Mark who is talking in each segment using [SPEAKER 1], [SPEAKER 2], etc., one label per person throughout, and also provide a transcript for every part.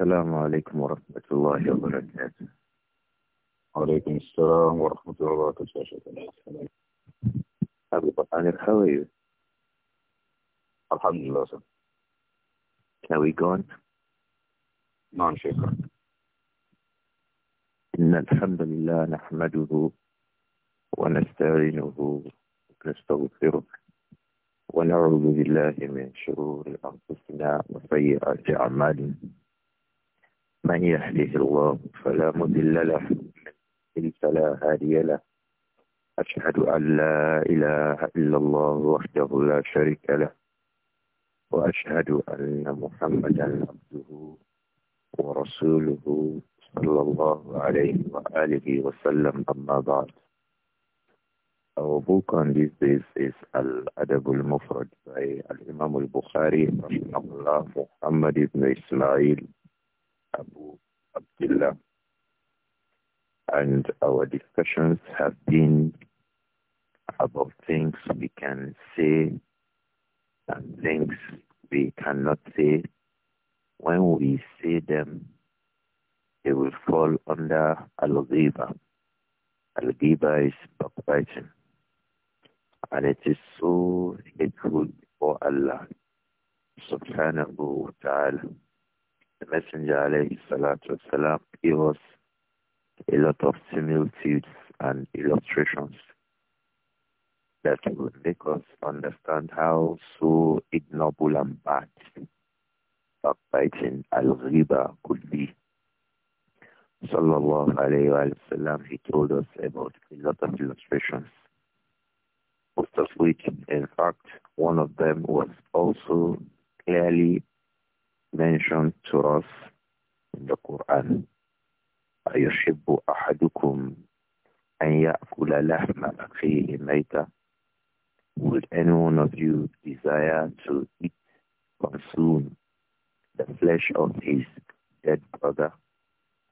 [SPEAKER 1] السلام عليكم ورحمة الله وبركاته وعليكم السلام ورحمة الله وبركاته أبو Amir, how are you? Alhamdulillah, Can we go on? نعم شكرا إن الحمد لله نحمده ونستعينه ونستغفره ونعوذ بالله من شرور أنفسنا وسيئات أعمالنا من يهده الله فلا مضل له من فلا هادي له أشهد أن لا إله إلا الله وحده لا شريك له وأشهد أن محمدا عبده ورسوله صلى الله عليه وآله وسلم أما بعد Our book on this days is Al-Adab al-Mufrad by Al-Imam al-Bukhari, Muhammad ibn Ismail Abu Abdullah. And our discussions have been about things we can say and things we cannot say. When we say them, they will fall under Al-Ghiba. Al-Ghiba is backbiting. And it is so hateful for Allah subhanahu wa ta'ala the Messenger alayhi salatu wasalam gave us a lot of similitudes and illustrations that would make us understand how so ignoble and bad backbiting al riba could be. Sallallahu alayhi wa sallam, he told us about a lot of illustrations, most of which, in fact, one of them was also clearly mentioned to us in the Quran. أَيُحِبُّ أَحَدُكُمْ أَنْ يَأْكُلَ لَحْمَ أَخِيهِ مَيْتًا Would any one of you desire to eat, consume the flesh of his dead brother?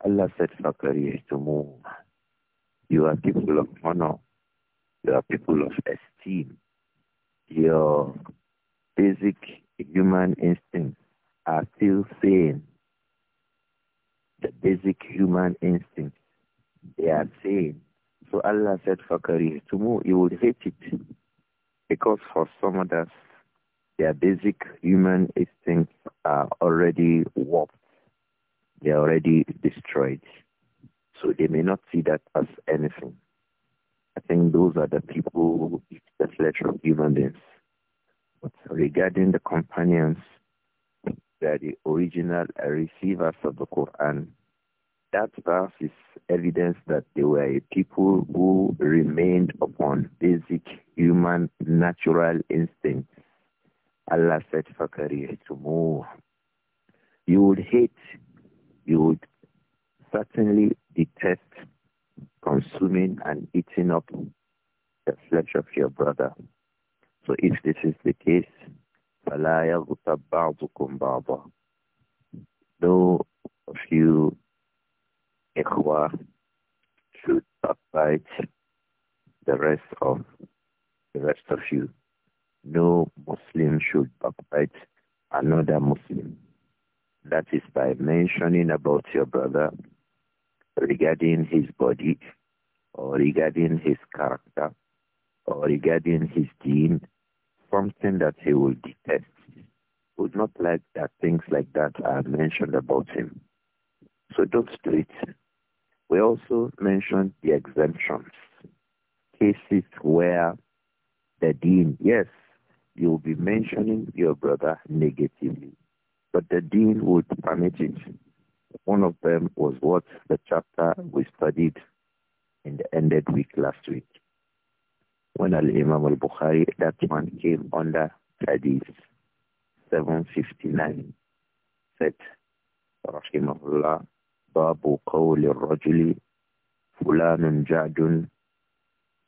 [SPEAKER 1] Allah said, فَكَرِهْتُمُوهُ You are people of honor. You are people of esteem. Your basic human instinct are still saying the basic human instinct. They are saying, so Allah said, for move, You would hate it. Because for some others, their basic human instincts are already warped. They are already destroyed. So they may not see that as anything. I think those are the people, the flesh of human beings. But regarding the companions they are the original receivers of the Quran. That verse is evidence that they were a people who remained upon basic human natural instincts. Allah said, move. You would hate, you would certainly detest consuming and eating up the flesh of your brother. So if this is the case, فَلَا يَغْتَبْ بَعْضُكُمْ بَعْضًا No of you, ikhwa, should backbite the rest of the rest of you. No Muslim should backbite another Muslim. That is by mentioning about your brother regarding his body or regarding his character or regarding his deen something that he will detest. Would not like that things like that are mentioned about him. So don't do it. We also mentioned the exemptions, cases where the dean, yes, you'll be mentioning your brother negatively, but the dean would permit it. One of them was what the chapter we studied in the ended week last week when Al-Imam al-Bukhari, that one came under Hadith 759. Said, Rahimahullah, Babu al Rajuli, Fulanun Jadun,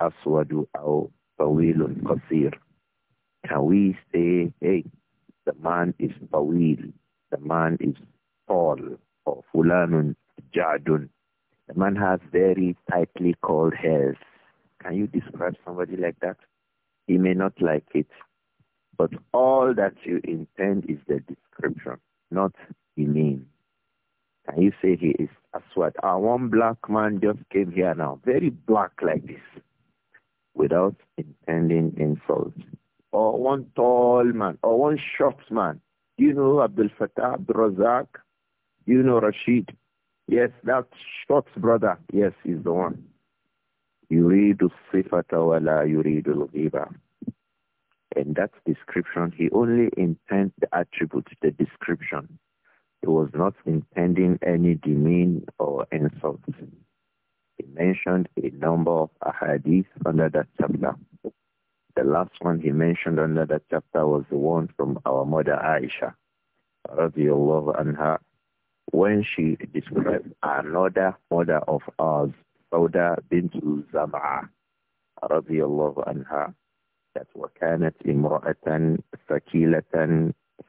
[SPEAKER 1] Aswadu Aw, Tawilun Qasir. Can we say, hey, the man is Tawil, the man is tall, or Fulanun Jadun. The man has very tightly curled hairs. Can you describe somebody like that? He may not like it, but all that you intend is the description, not the name. Can you say he is Aswad? Our ah, one black man just came here now, very black like this, without intending insult. Or one tall man, or one short man. Do you know Abdul Fattah Abdul Razak? Do you know Rashid? Yes, that short brother. Yes, he's the one. Yuridu sifata wa la yuridu ghiba. that description, he only intends the attribute, the description. He was not intending any demean or insult. He mentioned a number of ahadith under that chapter. The last one he mentioned under that chapter was the one from our mother Aisha, radiallahu anha, when she described another mother of ours Sauda بنت زمعة رضي الله عنها وكانت امرأة ثقيلة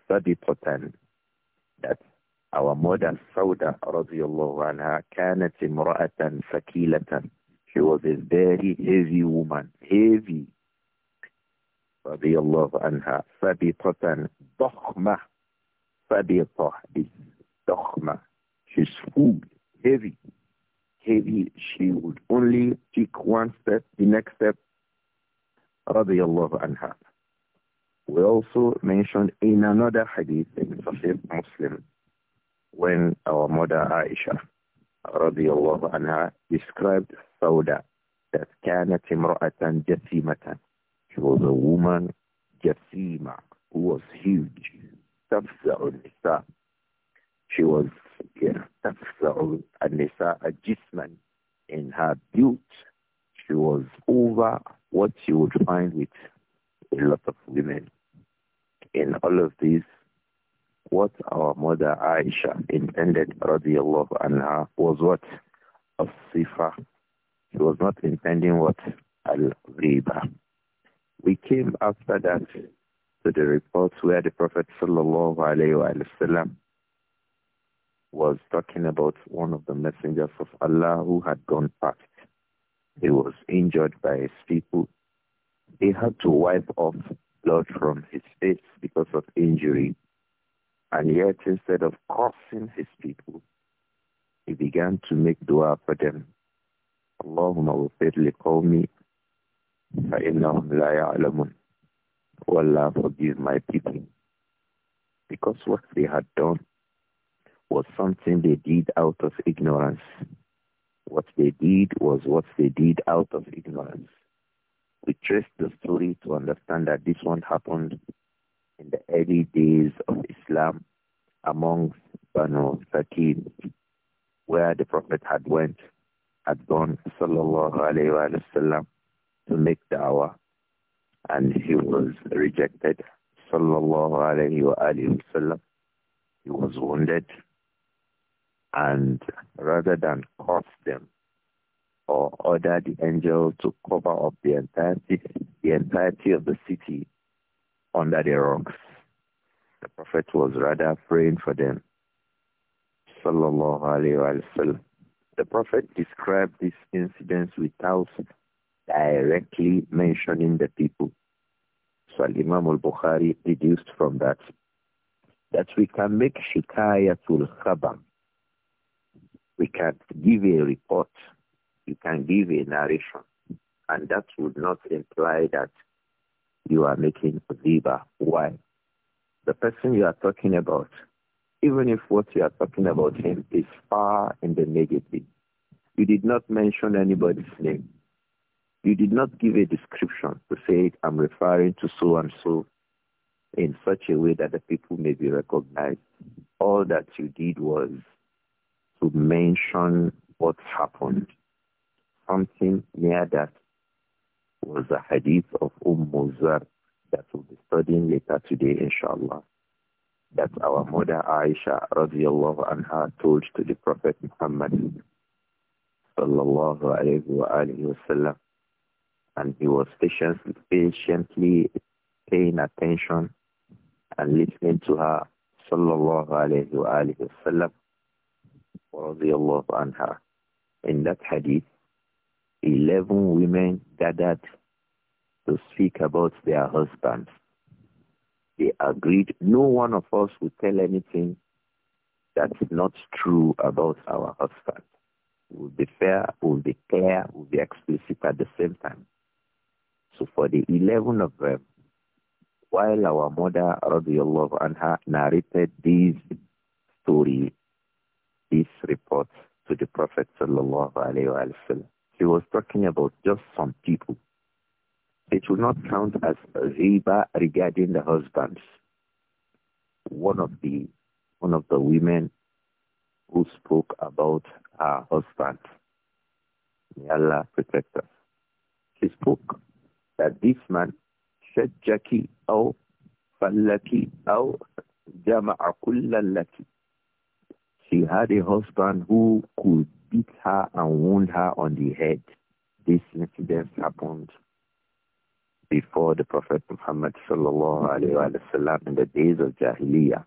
[SPEAKER 1] ثبتة that our mother Sauda رضي الله عنها كانت امرأة ثقيلة she was a very heavy woman heavy رضي الله عنها ثبتة ضخمة ثبتة ضخمة she's full heavy heavy, she would only take one step, the next step, radiallahu anha. We also mentioned in another hadith in Sahih Muslim when our mother Aisha radiallahu anha described Sauda that كانت امرأة جثيمة. She was a woman Jafima, who was huge. تفزع She was Shakira. Tafsa'u Anisa adjustment In her build, she was over what you would find with a lot of women. In all of this, what our mother Aisha intended, radiallahu anha, was what? As-sifa. She was not intending what? Al-riba. We came after that to the reports where the Prophet sallallahu alayhi wa sallam was talking about one of the messengers of Allah who had gone past. He was injured by his people. He had to wipe off blood from his face because of injury. And yet, instead of cursing his people, he began to make dua for them. اللهم اغفر لقومي فإنهم لا يعلمون Allah forgive my people because what they had done was something they did out of ignorance. What they did was what they did out of ignorance. We trace the story to understand that this one happened in the early days of Islam among Banu Thakin, where the Prophet had went, had gone, sallallahu alayhi wasallam, to make da'wah, and he was rejected, sallallahu alayhi wasallam. He was wounded, and rather than curse them or order the angel to cover up the entirety, the entirety of the city under the rocks. The Prophet was rather praying for them. Sallallahu alayhi wa The Prophet described this incident without directly mentioning the people. So Imam al-Bukhari deduced from that that we can make shikayatul khabar we can give a report. You can give a narration. And that would not imply that you are making riba. Why? The person you are talking about, even if what you are talking about him is far in the negative, you did not mention anybody's name. You did not give a description to say, I'm referring to so and so in such a way that the people may be recognized. All that you did was to mention what happened. Something near that was a hadith of Umm Muzar that we'll be studying later today, inshallah. That our mother Aisha radiallahu anha told to the Prophet Muhammad sallallahu alayhi wa alayhi wasallam. And he was patiently, patiently paying attention and listening to her sallallahu alayhi wa alayhi wasallam anha, in that hadith, 11 women gathered to speak about their husbands. They agreed no one of us will tell anything that's not true about our husband. We'll be fair, we'll be clear, we'll be explicit at the same time. So for the 11 of them, while our mother, radiallahu anha, narrated these stories this report to the Prophet sallallahu alaihi wasallam. He was talking about just some people. It will not count as riba regarding the husbands. One of the one of the women who spoke about her husband, may Allah protect us. She spoke that this man said شجك أو فلك أو جمع كل لك she had a husband who could beat her and wound her on the head. This incident happened before the Prophet Muhammad sallallahu in the days of Jahiliyyah.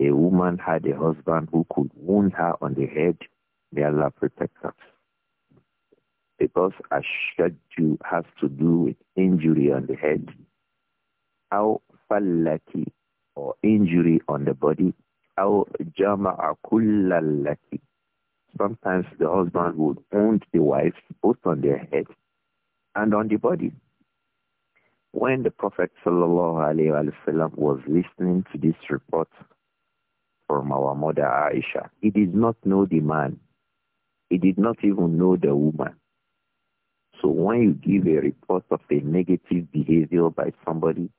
[SPEAKER 1] A woman had a husband who could wound her on the head. May Allah protect us. Because ashadju has to do with injury on the head. How fallati or injury on the body أو جمع كل التي Sometimes the husband would wound the wife both on their head and on the body. When the Prophet ﷺ was listening to this report from our mother Aisha, he did not know the man. He did not even know the woman. So when you give a report of a negative behavior by somebody,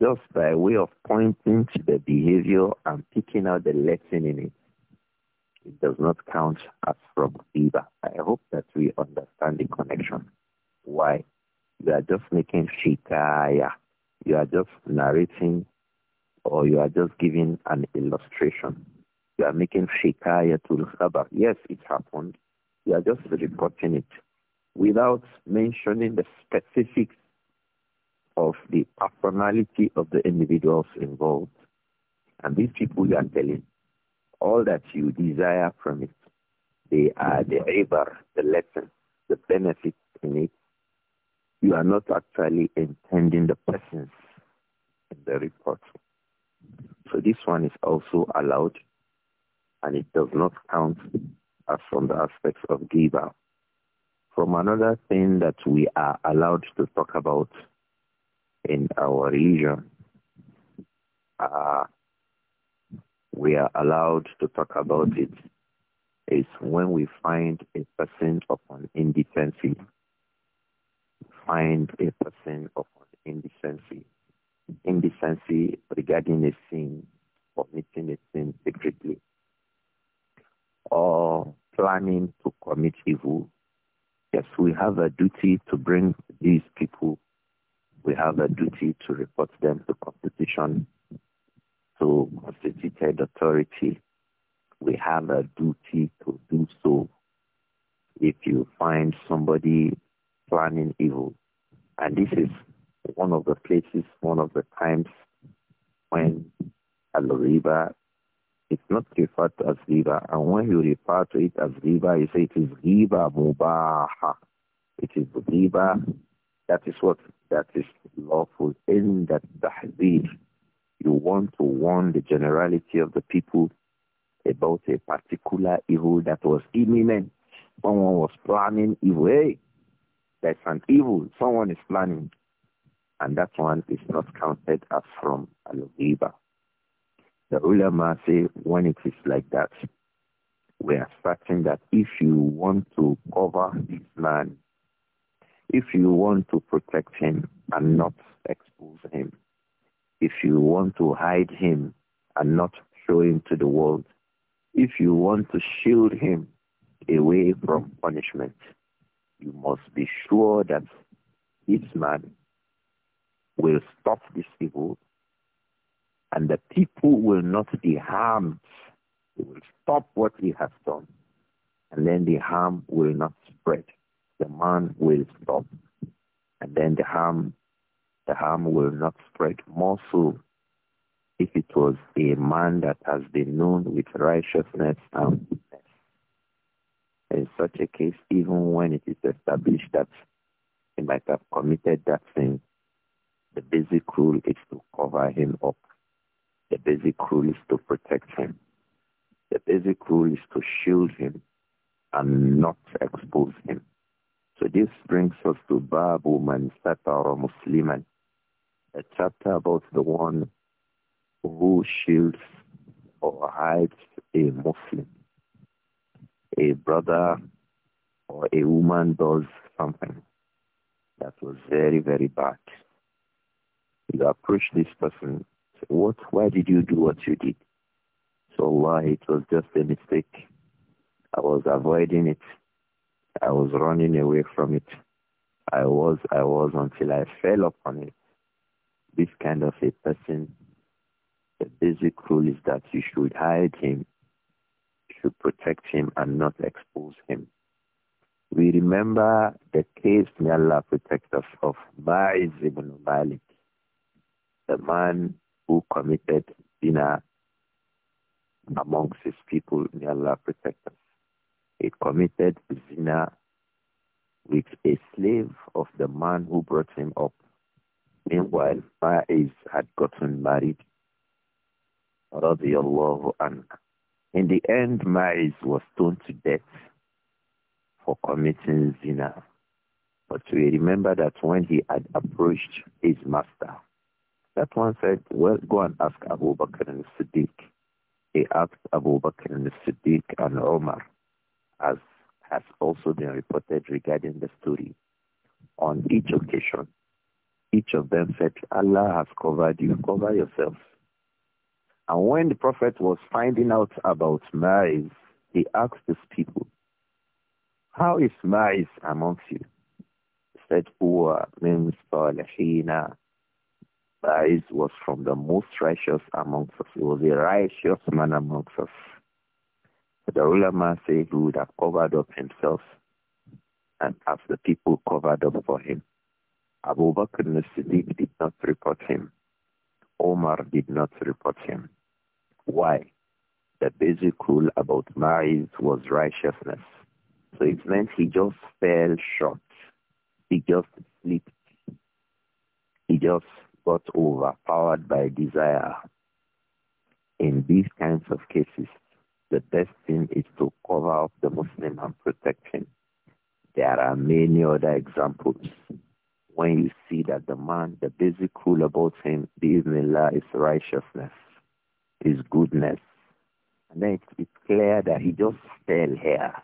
[SPEAKER 1] just by way of pointing to the behavior and picking out the lesson in it. It does not count as from either. I hope that we understand the connection. Why? You are just making shikaya. You are just narrating or you are just giving an illustration. You are making shikaya to khabar. Yes, it happened. You are just reporting it without mentioning the specifics of the personality of the individuals involved. And these people you are telling, all that you desire from it, they are the giver, the lesson, the benefit in it. You are not actually intending the presence in the report. So this one is also allowed and it does not count as from the aspects of giver. From another thing that we are allowed to talk about in our religion, uh, we are allowed to talk about it is when we find a person of an indecency. Find a person an indecency. Indecency regarding a sin, committing a sin secretly, or planning to commit evil. Yes, we have a duty to bring these people we have a duty to report them to constitution, to constituted authority. We have a duty to do so. If you find somebody planning evil, and this is one of the places, one of the times when al riba it's not referred to as riba, and when you refer to it as riba, you say it is riba mubaha. It is riba that is what that is lawful in that tahdir. You want to warn the generality of the people about a particular evil that was imminent. Someone was planning evil. Hey, there's an evil. Someone is planning. And that one is not counted as from al-ghiba. The ulama say when it is like that, we are starting that if you want to cover this man if you want to protect him and not expose him, if you want to hide him and not show him to the world, if you want to shield him away from punishment, you must be sure that this man will stop this evil and the people will not be harmed. They will stop what he has done and then the harm will not spread the man will stop. And then the harm, the harm will not spread more so if it was a man that has been known with righteousness and goodness. In such a case, even when it is established that he might have committed that sin, the basic rule is to cover him up. The basic rule is to protect him. The basic rule is to shield him and not expose him. So this brings us to Babu Man Satara Musliman, a chapter about the one who shields or hides a Muslim. A brother or a woman does something that was very, very bad. You approach this person, say, what, why did you do what you did? So Allah, it was just a mistake. I was avoiding it. I was running away from it. I was, I was until I fell upon it. This kind of a person, the basic rule is that you should hide him, you should protect him and not expose him. We remember the case, may Allah protect us, of Ba'iz ibn Malik, the man who committed dinner amongst his people, may Allah protect us. It committed zina with a slave of the man who brought him up. Meanwhile, Faiz had gotten married. In the end, Maiz was stoned to death for committing zina. But we remember that when he had approached his master, that one said, well, go and ask Abu Bakr and Siddiq. He asked Abu Bakr and Siddiq and Omar as has also been reported regarding the story. On each occasion, each of them said, Allah has covered you, cover yourselves. And when the Prophet was finding out about Ma'iz, he asked his people, how is Ma'iz amongst you? He said, Uwa min salihina. Ma'iz was from the most righteous amongst us. He was a righteous man amongst us. The ulama say he would have covered up himself and have the people covered up for him. Abu Bakr al-Siddiq did not report him. Omar did not report him. Why? The basic rule about marriage was righteousness. So it meant he just fell short. He just slipped. He just got overpowered by desire. In these kinds of cases, the best thing is to cover up the Muslim and protect him. There are many other examples. When you see that the man, the basic rule about him, Bismillah, is righteousness, is goodness. And then it's clear that he just fell here.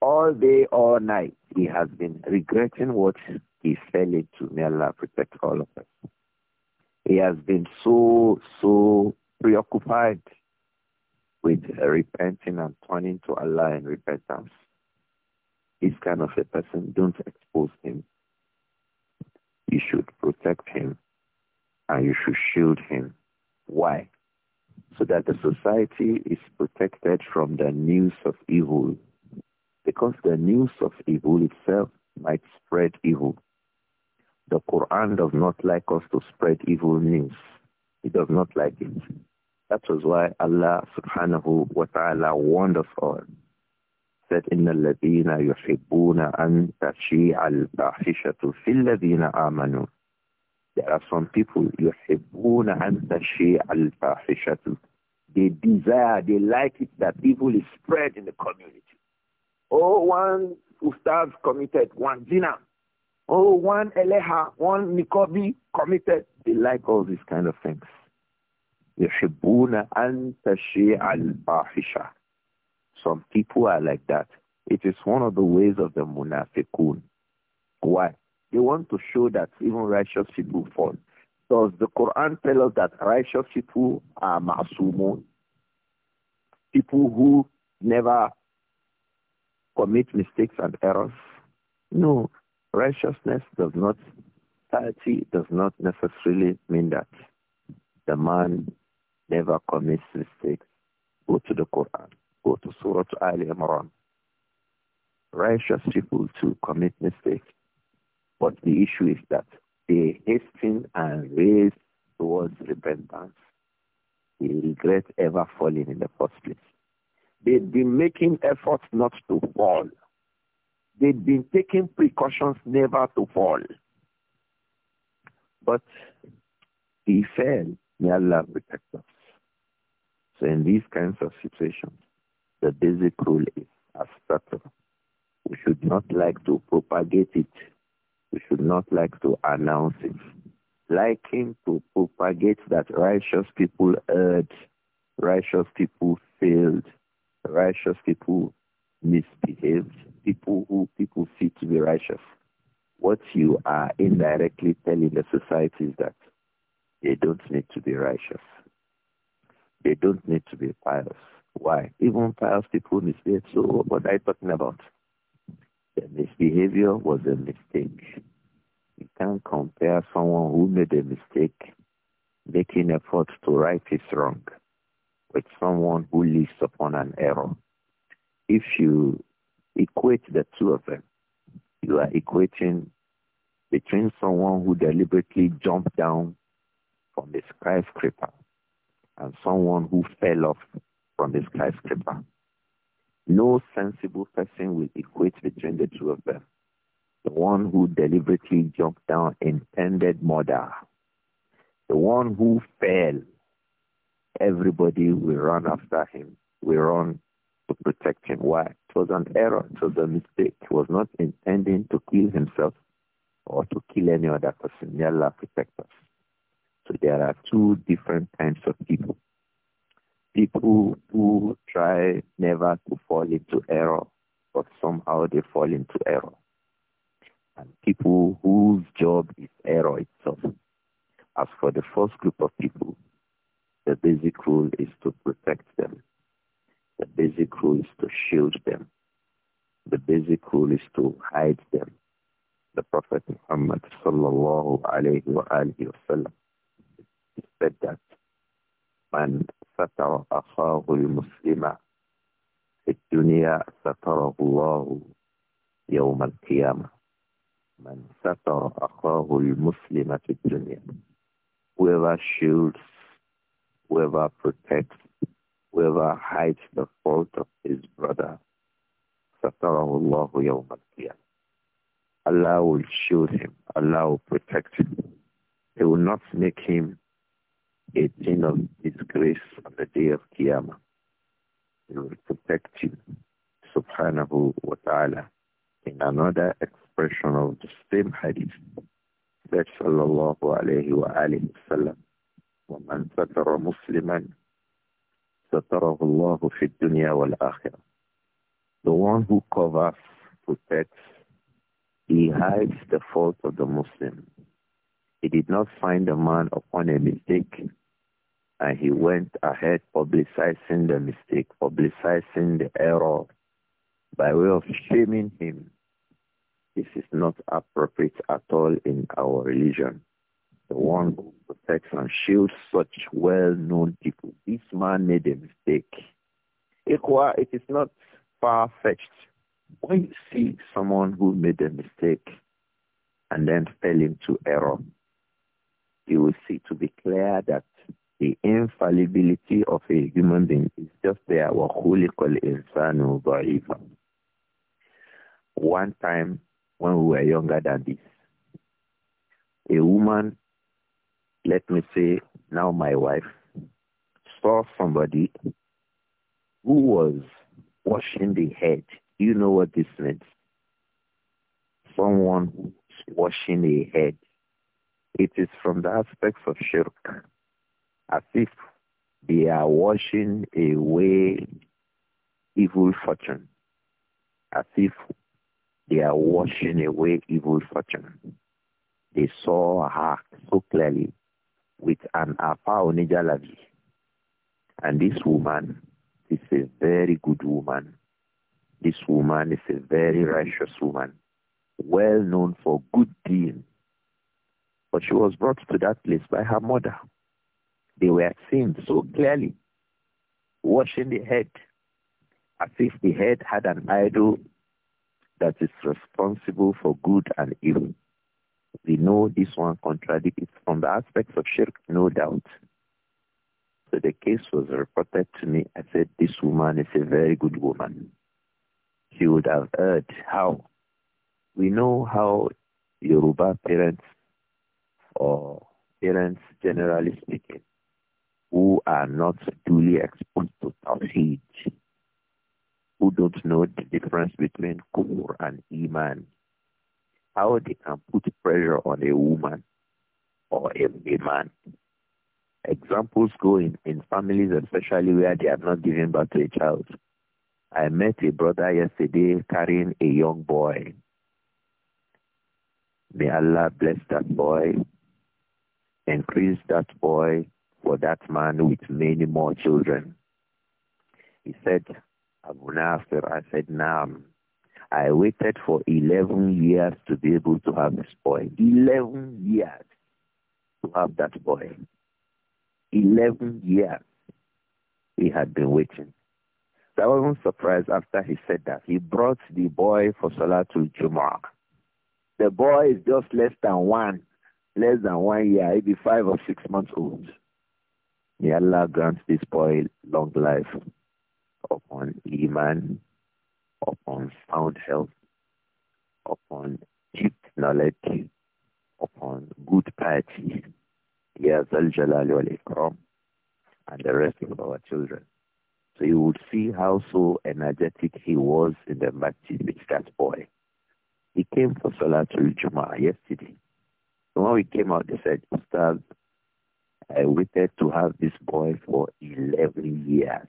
[SPEAKER 1] All day, all night, he has been regretting what he fell into. May Allah protect all of us. He has been so, so preoccupied with uh, repenting and turning to Allah in repentance. This kind of a person, don't expose him. You should protect him and you should shield him. Why? So that the society is protected from the news of evil. Because the news of evil itself might spread evil. The Quran does not like us to spread evil news. It does not like it. That was why Allah subhanahu wa ta'ala warned us all. Said, إِنَّ الَّذِينَ يُحِبُّونَ أَن تَشِيعَ الْفَاحِشَةُ فِي الَّذِينَ آمَنُوا There are some people, يُحِبُّونَ أَن تَشِيعَ الْفَاحِشَةُ They desire, they like it that evil is spread in the community. Oh, one ustaz committed one zina. Oh, one eleha, one nikobi committed. They like all these kind of things. يحبون أن تشيع الفاحشة. Some people are like that. It is one of the ways of the munafiqun. Why? They want to show that even righteous people fall. Does the Quran tell us that righteous people are masumun? People who never commit mistakes and errors? No. Righteousness does not, piety does not necessarily mean that the man Never commit mistakes. Go to the Quran. Go to Surah Al Imran. Righteous people too commit mistakes. But the issue is that they hasten and race towards repentance. They regret ever falling in the first place. They've been making efforts not to fall. They've been taking precautions never to fall. But he fell. May Allah protect us in these kinds of situations, the basic rule is astatra. We should not like to propagate it. We should not like to announce it. Liking to propagate that righteous people erred, righteous people failed, righteous people misbehaved, people who people see to be righteous. What you are indirectly telling the society is that they don't need to be righteous they don't need to be pious. Why? Even pious people mistake. So what are you talking about? The misbehavior was a mistake. You can't compare someone who made a mistake making efforts to right his wrong with someone who lives upon an error. If you equate the two of them, you are equating between someone who deliberately jumped down from the skyscraper and someone who fell off from the skyscraper. No sensible person will equate between the two of them. The one who deliberately jumped down intended murder. The one who fell, everybody will run after him, We run to protect him. Why? It was an error, it was a mistake. He was not intending to kill himself or to kill any other person. May Allah protect us. So there are two different kinds of people. People who try never to fall into error, but somehow they fall into error. And people whose job is error itself. As for the first group of people, the basic rule is to protect them. The basic rule is to shield them. The basic rule is to hide them. The Prophet Muhammad sallallahu alayhi wa he من ستر أخاه المسلم في الدنيا ستره الله يوم القيامة من ستر أخاه المسلم في الدنيا Whoever shields, whoever protects, whoever hides the fault of his brother, ستره الله يوم القيامة Allah will shield him. Allah will protect him. He will not make him a thing of disgrace on the day of Qiyamah. He will protect you, subhanahu wa ta'ala. In another expression of the same hadith, that sallallahu alayhi wa alayhi wa sallam, وَمَنْ سَتَرَ مُسْلِمًا سَتَرَهُ اللَّهُ فِي الدُّنْيَا وَالْآخِرَةِ The one who covers, protects, he hides the fault of the Muslim. He did not find a man upon a mistake and he went ahead publicizing the mistake, publicizing the error by way of shaming him. This is not appropriate at all in our religion. The one who protects and shields such well-known people. This man made a mistake. Ikwa, it is not far-fetched. When you see someone who made a mistake and then fell into error, you will see to be clear that the infallibility of a human being is just there. One time when we were younger than this, a woman, let me say now my wife, saw somebody who was washing the head. You know what this means. Someone who's washing a head. It is from the aspects of shirk as if they are washing away evil fortune, as if they are washing away evil fortune. They saw her so clearly with an apaonijalavi. And this woman is a very good woman. This woman is a very righteous woman, well known for good deeds. But she was brought to that place by her mother. They were seen so clearly. Washing the head as if the head had an idol that is responsible for good and evil. We know this one contradicts from the aspects of shirk, no doubt. So the case was reported to me. I said, this woman is a very good woman. She would have heard how. We know how Yoruba parents or parents generally speaking, who are not duly exposed to Tawheed, who don't know the difference between Kufr and Iman, how they can put pressure on a woman or a, a man. Examples go in, in families, especially where they have not given birth to a child. I met a brother yesterday carrying a young boy. May Allah bless that boy, increase that boy, for that man with many more children. He said, Abu Nasir, I said, Naam. I waited for 11 years to be able to have this boy. 11 years to have that boy. 11 years he had been waiting. So I wasn't surprised after he said that. He brought the boy for Salah to Jumu'ah. The boy is just less than one, less than one year, maybe five or six months old. May Allah grant this boy long life upon Iman, upon sound health, upon deep knowledge, upon good piety, Ya and the rest of our children. So you would see how so energetic he was in the masjid with that boy. He came for Salatul Jum'ah yesterday. So when we came out, they said, Ustaz, I waited to have this boy for 11 years.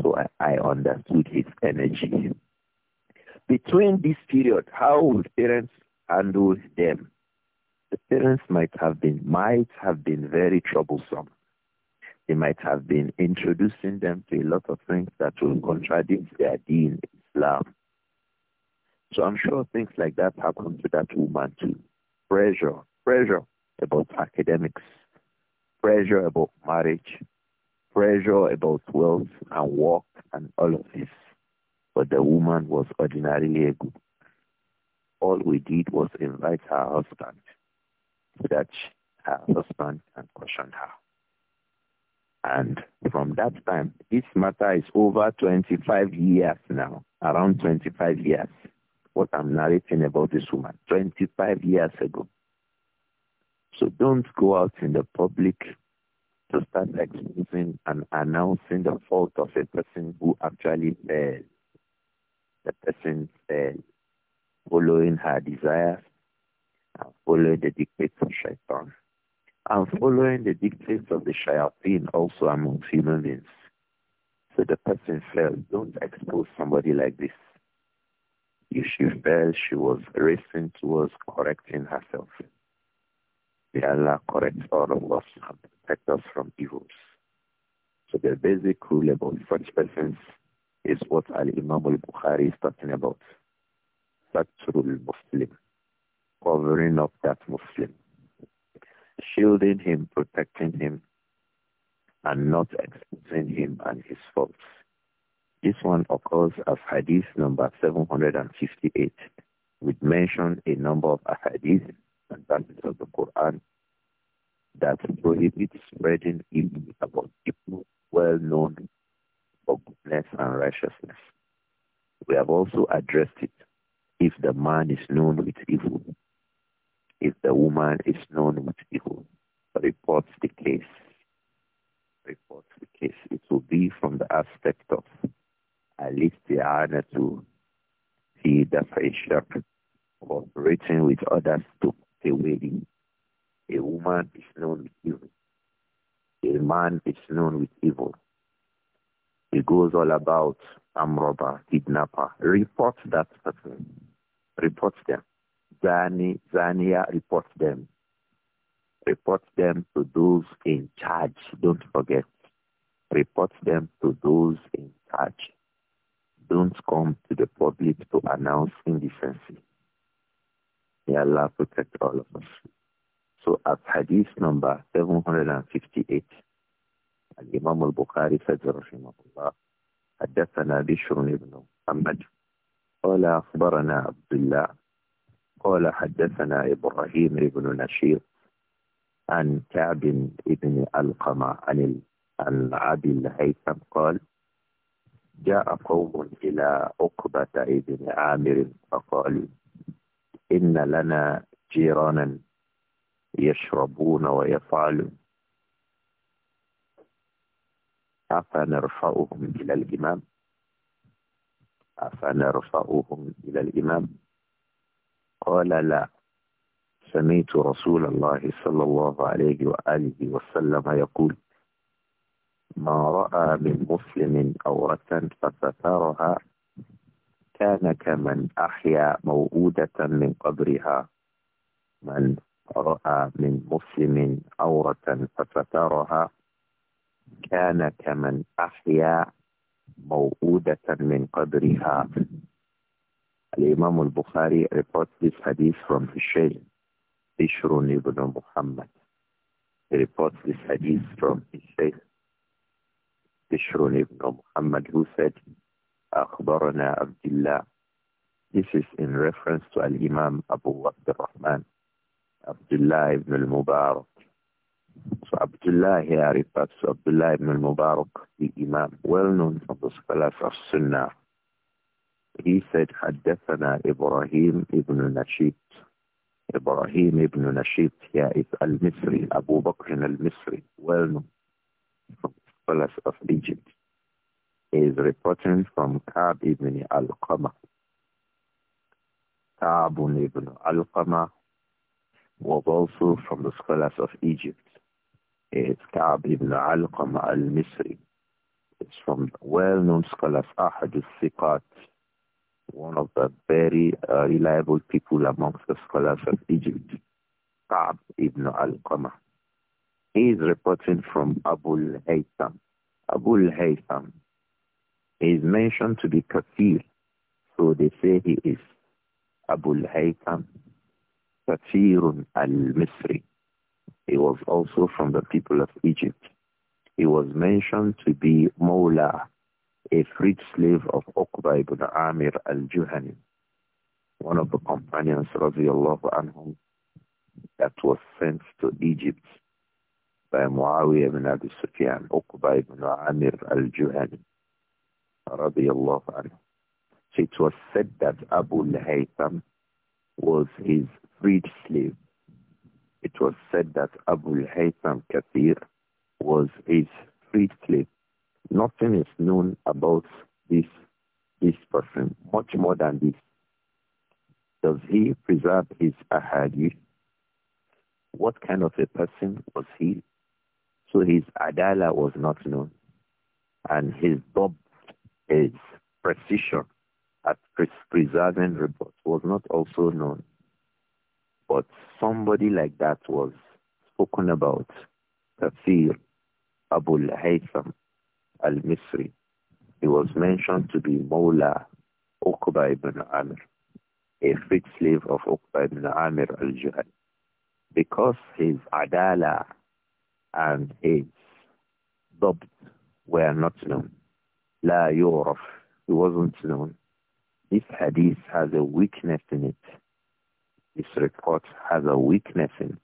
[SPEAKER 1] So I, I understood his energy. Between this period, how would parents handle them? The parents might have been, might have been very troublesome. They might have been introducing them to a lot of things that will contradict their deen, Islam. So I'm sure things like that happen to that woman too. Pressure, pressure about academics, pressure about marriage, pressure about wealth and work and all of this. But the woman was ordinarily a good. All we did was invite her husband so that her husband can question her. And from that time, this matter is over 25 years now, around 25 years. What I'm narrating about this woman, 25 years ago. So don't go out in the public to start exposing and announcing the fault of a person who actually fell. The person fell, following her desires and following the dictates of shaitan. And following the dictates of the shayateen also among human beings. So the person fell. Don't expose somebody like this. If she fell, she was racing towards correcting herself. May Allah correct all of us and protect us from evils. So the basic rule about French persons is what Ali imam al-Bukhari is talking about. Satrul Muslim, covering up that Muslim, shielding him, protecting him, and not exposing him and his faults. This one occurs as hadith number 758. which mentions a number of hadiths advantage of the Quran that prohibits spreading evil about people well known for goodness and righteousness. We have also addressed it. If the man is known with evil, if the woman is known with evil, reports the case. Reports the case. It will be from the aspect of at least the honor to see the friendship cooperating with others to a wedding, a woman is known with evil. A man is known with evil. It goes all about arm robber, kidnapper. Report that person. Report them. Zani, Zania, report them. Report them to those in charge. Don't forget. Report them to those in charge. Don't come to the public to announce indecency. May Allah protect all of us. So at hadith number 758, الإمام البخاري فجر رحمه الله حدثنا بشر بن محمد قال أخبرنا عبد الله قال حدثنا إبراهيم بن نشير عن كعب بن القمة عن عن أبي الهيثم قال جاء قوم إلى عقبة بن عامر فقالوا إن لنا جيرانا يشربون ويفعلون أفنرفعهم إلى الإمام أفنرفعهم إلى الإمام قال لا سمعت رسول الله صلى الله عليه وآله وسلم يقول ما رأى من مسلم أورة فسترها كان كمن أحيا موؤودة من قبرها من رأى من مسلم عورة فسترها كان كمن أحيا موؤودة من قبرها الإمام البخاري reports this hadith from his sheikh Bishrun ibn Muhammad he reports this hadith from his sheikh Bishrun ibn Muhammad who said أخبرنا عبد الله This is in reference to Al-Imam Abu Abd al-Rahman, Abdullah ibn al-Mubarak. So Abdullah here refers to Abdullah ibn al-Mubarak, the Imam, well known from the scholars of Sunnah. He said, حدثنا Ibrahim ibn Nashid. Ibrahim ibn Nashid here is al-Misri, Abu Bakr al-Misri, well known from the scholars of Egypt. is reporting from Kab ibn al-Qamah. Kab ibn al-Qamah was also from the scholars of Egypt. It's Ka'b ibn al-Qam al-Misri. It's from well-known scholars Ahad al-Siqat, one of the very uh, reliable people amongst the scholars of Egypt, Ka'b ibn al-Qamah. He is reporting from Abu al-Haytham. Abu al-Haytham is mentioned to be kafir. So they say he is Abu haytham Kafirun al-Misri. He was also from the people of Egypt. He was mentioned to be Mawla, a freed slave of Uqba ibn Amir al-Juhani, one of the companions, radiallahu anhum, that was sent to Egypt by Muawiya ibn Abi Sufyan, Uqba ibn Amir al-Juhani radiallahu anhu. So it was said that Abu al-Haytham was his freed slave. It was said that Abu al-Haytham Kathir was his freed slave. Nothing is known about this, this person, much more than this. Does he preserve his ahadith? What kind of a person was he? So his adala was not known and his dob his precision at preserving reports was not also known. But somebody like that was spoken about, Kafir Abul Haytham al-Misri. He was mentioned to be Mawla Uqba ibn Amir, a freed slave of Uqba ibn Amir al Juhal, Because his adala and his dobt were not known. La يُعْرَفْ wasn't known. This hadith has a weakness in it. This report has a weakness in it.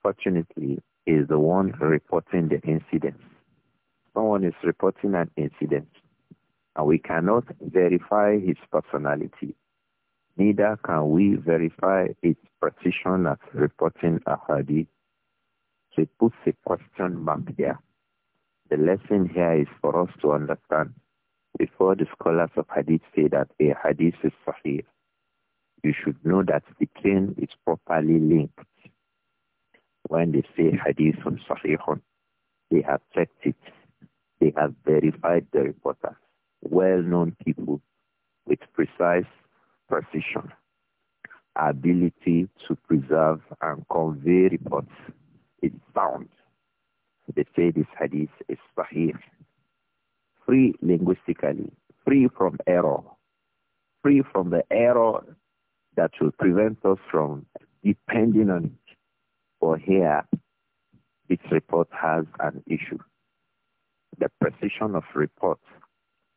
[SPEAKER 1] Fortunately, is the one reporting the incident. Someone is reporting an incident, and we cannot verify his personality. Neither can we verify its precision at reporting a hadith. So it puts a question mark there. The lesson here is for us to understand. Before the scholars of hadith say that a hadith is sahih, you should know that the chain is properly linked. When they say hadithun sahihun, they have checked it. They have verified the reporters, well-known people with precise precision, ability to preserve and convey reports is found. They say this hadith is sahih, free linguistically, free from error, free from the error that will prevent us from depending on it. Or here, this report has an issue. The precision of reports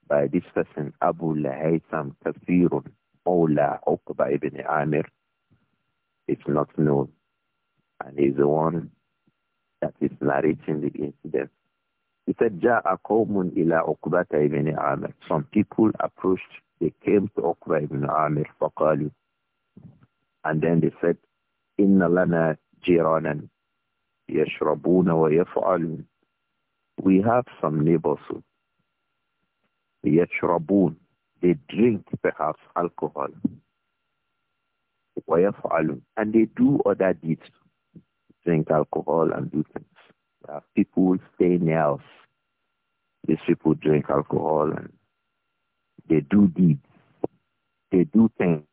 [SPEAKER 1] by this person, Abu Lahaytham Kathirun Ola Uqba ibn Amir, is not known and he's the one that is narrating the incident. He said, "Jā qawmun ila Uqbata ibn Amir. Some people approached, they came to Uqba ibn Amir, faqalu. And then they said, Inna lana jiranan yashrabuna wa yaf'alun. We have some neighbors who yashrabun. They drink perhaps alcohol. Wa yaf'alun. And they do other deeds drink alcohol and do things. There are people stay near us. These people drink alcohol and they do deeds. They do things.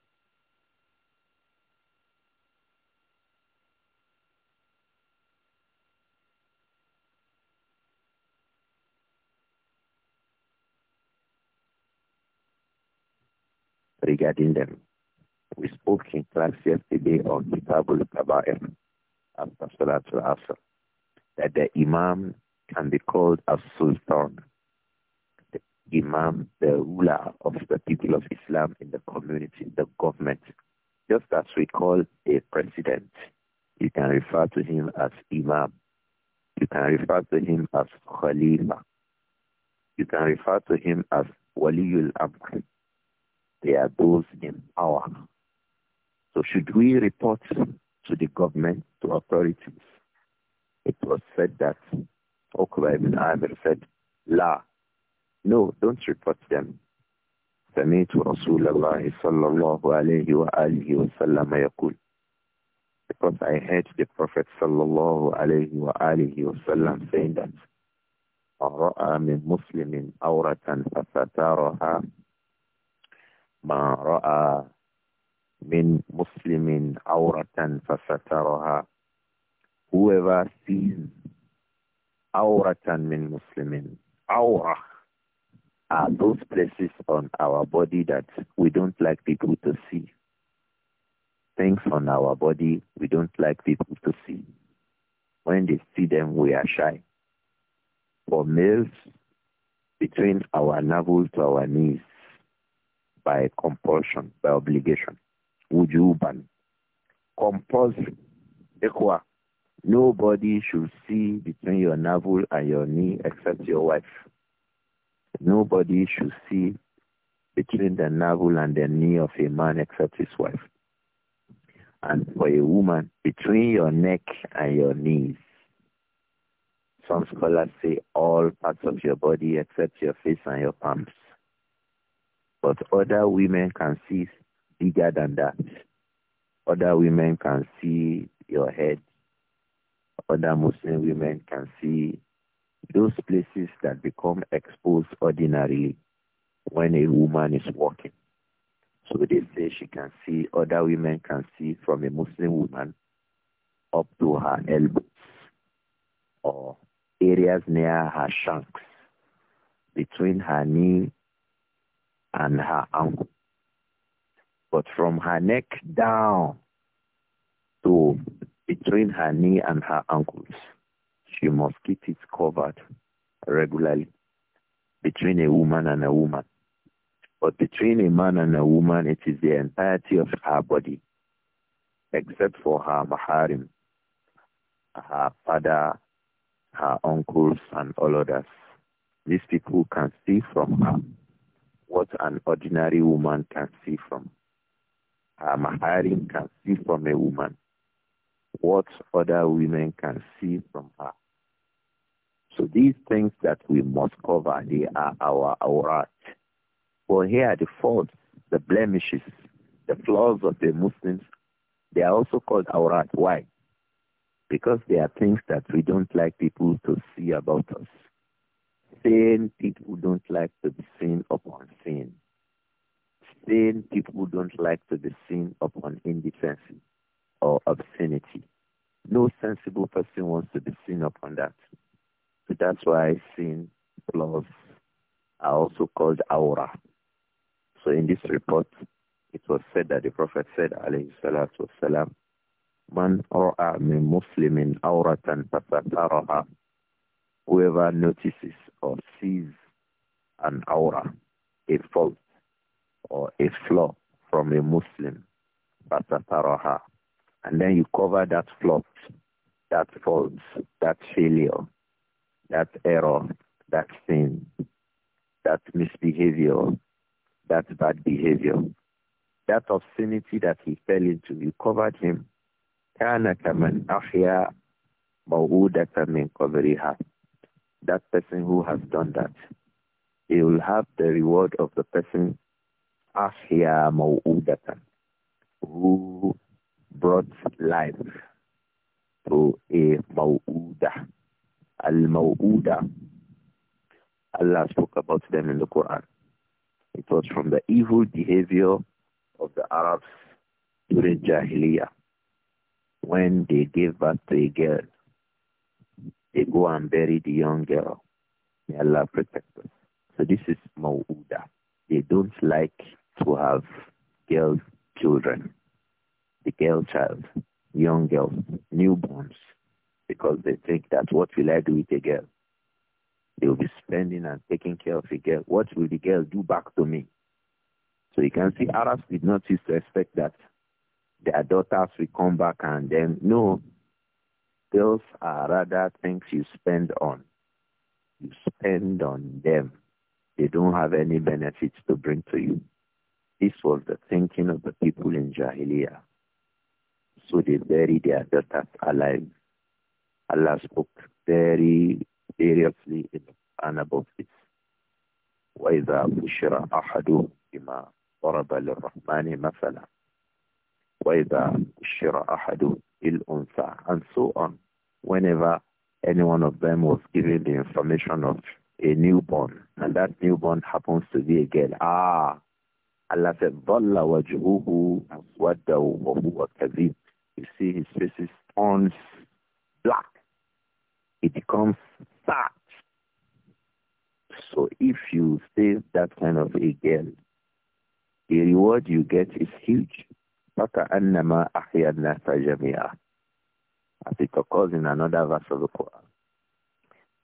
[SPEAKER 1] regarding them. We spoke in class yesterday on the about Kaba'ir that the Imam can be called as Sultan, the Imam, the ruler of the people of Islam in the community, the government. Just as we call a president, you can refer to him as Imam. You can refer to him as Khalifa. You can refer to him as Waliul Amr. They are those in power. So should we report to the government, to authorities. It was said that Uqba ibn Amir said, La, no, don't report them. سمعت رسول الله صلى الله عليه وآله وسلم يقول because I heard the Prophet صلى الله عليه وآله وسلم saying that رأى من مسلم عورة فسترها ما رأى min muslimin awratan fasataraha. Whoever sees awratan min muslimin, aura are those places on our body that we don't like people to see. Things on our body we don't like people to see. When they see them, we are shy. For males, between our navel to our knees, by compulsion, by obligation ban Compulsory. Equa. Nobody should see between your navel and your knee except your wife. Nobody should see between the navel and the knee of a man except his wife. And for a woman, between your neck and your knees. Some scholars say all parts of your body except your face and your palms. But other women can see bigger than that. Other women can see your head. Other Muslim women can see those places that become exposed ordinarily when a woman is walking. So they say she can see, other women can see from a Muslim woman up to her elbows or areas near her shanks, between her knee and her ankle. But from her neck down to between her knee and her ankles, she must keep it covered regularly between a woman and a woman. But between a man and a woman, it is the entirety of her body, except for her maharim, her father, her uncles, and all others. These people can see from her what an ordinary woman can see from her maharim can see from a woman, what other women can see from her. So these things that we must cover, they are our aurat. Well, here are the faults, the blemishes, the flaws of the Muslims. They are also called aurat. Why? Because they are things that we don't like people to see about us. Sane people don't like to be seen upon seen sane people don't like to be seen upon indecency or obscenity. No sensible person wants to be seen upon that. So that's why sin plus are also called aura. So in this report, it was said that the Prophet said, alayhi salatu wasalam, Man ra'a min muslimin auratan fasataraha. Whoever notices or sees an aura, a fault, or a flaw from a Muslim, batataraha, and then you cover that flaw, that fault, that failure, that error, that sin, that misbehavior, that bad behavior, that obscenity that he fell into, you covered him. That person who has done that, he will have the reward of the person ahya maw'udatan, who brought life to a maw'udah. Al-maw'udah, Allah spoke about them in the Quran. It was from the evil behavior of the Arabs during Jahiliyyah when they gave birth to a girl. They go and bury the young girl. May Allah protect us. So this is Maw'uda. They don't like to have girl children, the girl child, young girls, newborns, because they think that what will I do with a girl? They will be spending and taking care of a girl. What will the girl do back to me? So you can see Arabs did not used to expect that their daughters will come back and then, no, girls are rather things you spend on. You spend on them. They don't have any benefits to bring to you. This was the thinking of the people in Jahiliyyah. So they buried their daughters alive. Allah spoke very seriously in the Quran about this. وَإِذَا بُشِرَ أَحَدُهُمْ بِمَا ضَرَبَ لِلرَّحْمَنِ مَثَلًا وَإِذَا بُشِرَ أَحَدُهُمْ بِالْأُنْثَى and so on. Whenever any one of them was given the information of a newborn, and that newborn happens to be a girl. Ah, Allah said, Dhalla wajhuhu waswadaw wa huwa kadhib. You see his face is turns black. It becomes fat. So if you save that kind of a girl, the reward you get is huge. فَكَأَنَّمَا أَحْيَا النَّاسَ جَمِيعًا As it occurs in another verse of the Quran.